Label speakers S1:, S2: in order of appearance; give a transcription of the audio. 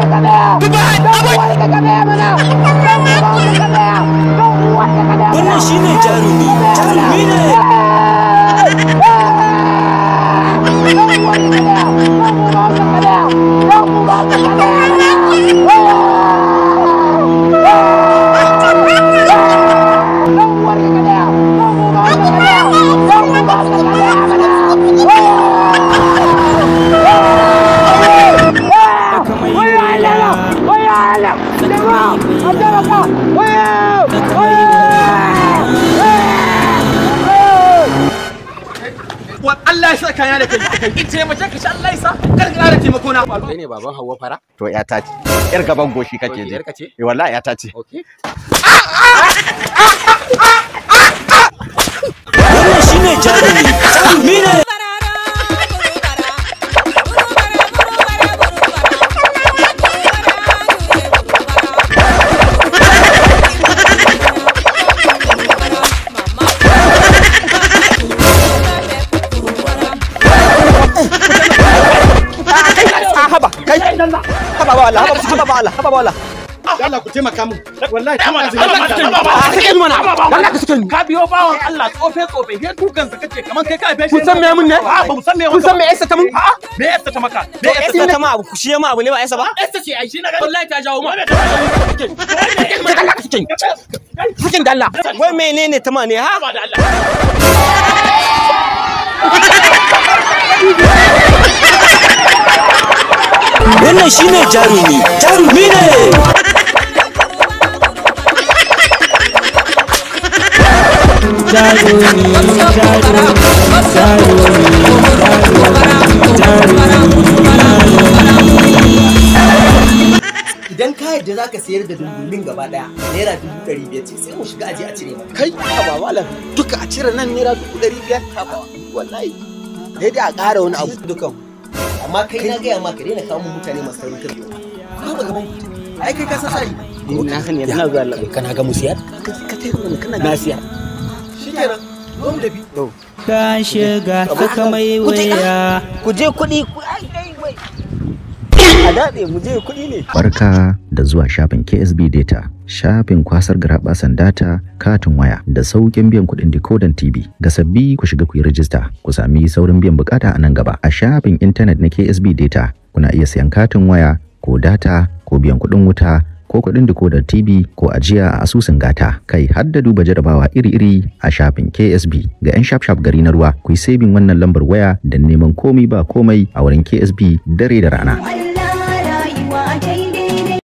S1: ka shi mana wannan shine Allah ya saka na da kai in taimake ka sha Allah sa kar ka da taimako na kai ne baban Hauwa fara to ya ta ce yar gaban goshi kake je eh wallahi ya ta ce wannan shine jarumi ba Allah haba ba haba ba Allah ku taimaka min wallahi ta mana Allah ka taimaka ba ka yi mana Allah ka sake ni ka biyo bawan Allah tsofe tsofe he dukan sa kace kaman kai ka aife shi kun san me mun ne a ba mu san me kun san me yasa ta mun a me yasa ta maka me yasa ta ma abu shi ma abu ne ba yasa ba yasa ce ai shi na wallahi ta jawo ma Allah ka sake ni sakin Allah wai menene ta ma ne ha ba da Allah wannan shine jarumi jarumi ne jarumi idan ka yadda za ka sayar da dungumin gaba daya naira dubu ɗari biyar ce sai mu shiga aje a cire maka kai ba malam duka a cire nan naira dubu ɗari biyar wallahi daidai a ƙara wani abu dukan amma kai na gaya ma ka na kawo mutane masu taurin kai ba gaban ai kai ka sasa sai na san yana na zuwa labai kana ga musiyar ka kai kuma kana na siya shikenan don da bi to ka shiga ka kamai waya ku je kuɗi daɗe mu je kuɗi ne. Barka da zuwa shafin KSB Data. Shafin kwasar garaɓasan data, katin waya da sauƙin biyan kuɗin decoder TV. Ga sabbi ku shiga ku yi rajista, ku sami saurin biyan bukata a nan gaba. A shafin intanet na KSB Data kuna iya sayan katin waya ko data ko biyan kuɗin wuta ko kuɗin decoder TV ko ajiya a asusun gata kai har da duba jarabawa iri-iri a shafin KSB ga 'yan shaf-shaf gari na ruwa ku yi sabin wannan lambar waya da neman komai ba komai a wurin KSB dare da rana.